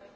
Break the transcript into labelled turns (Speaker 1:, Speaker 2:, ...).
Speaker 1: like that.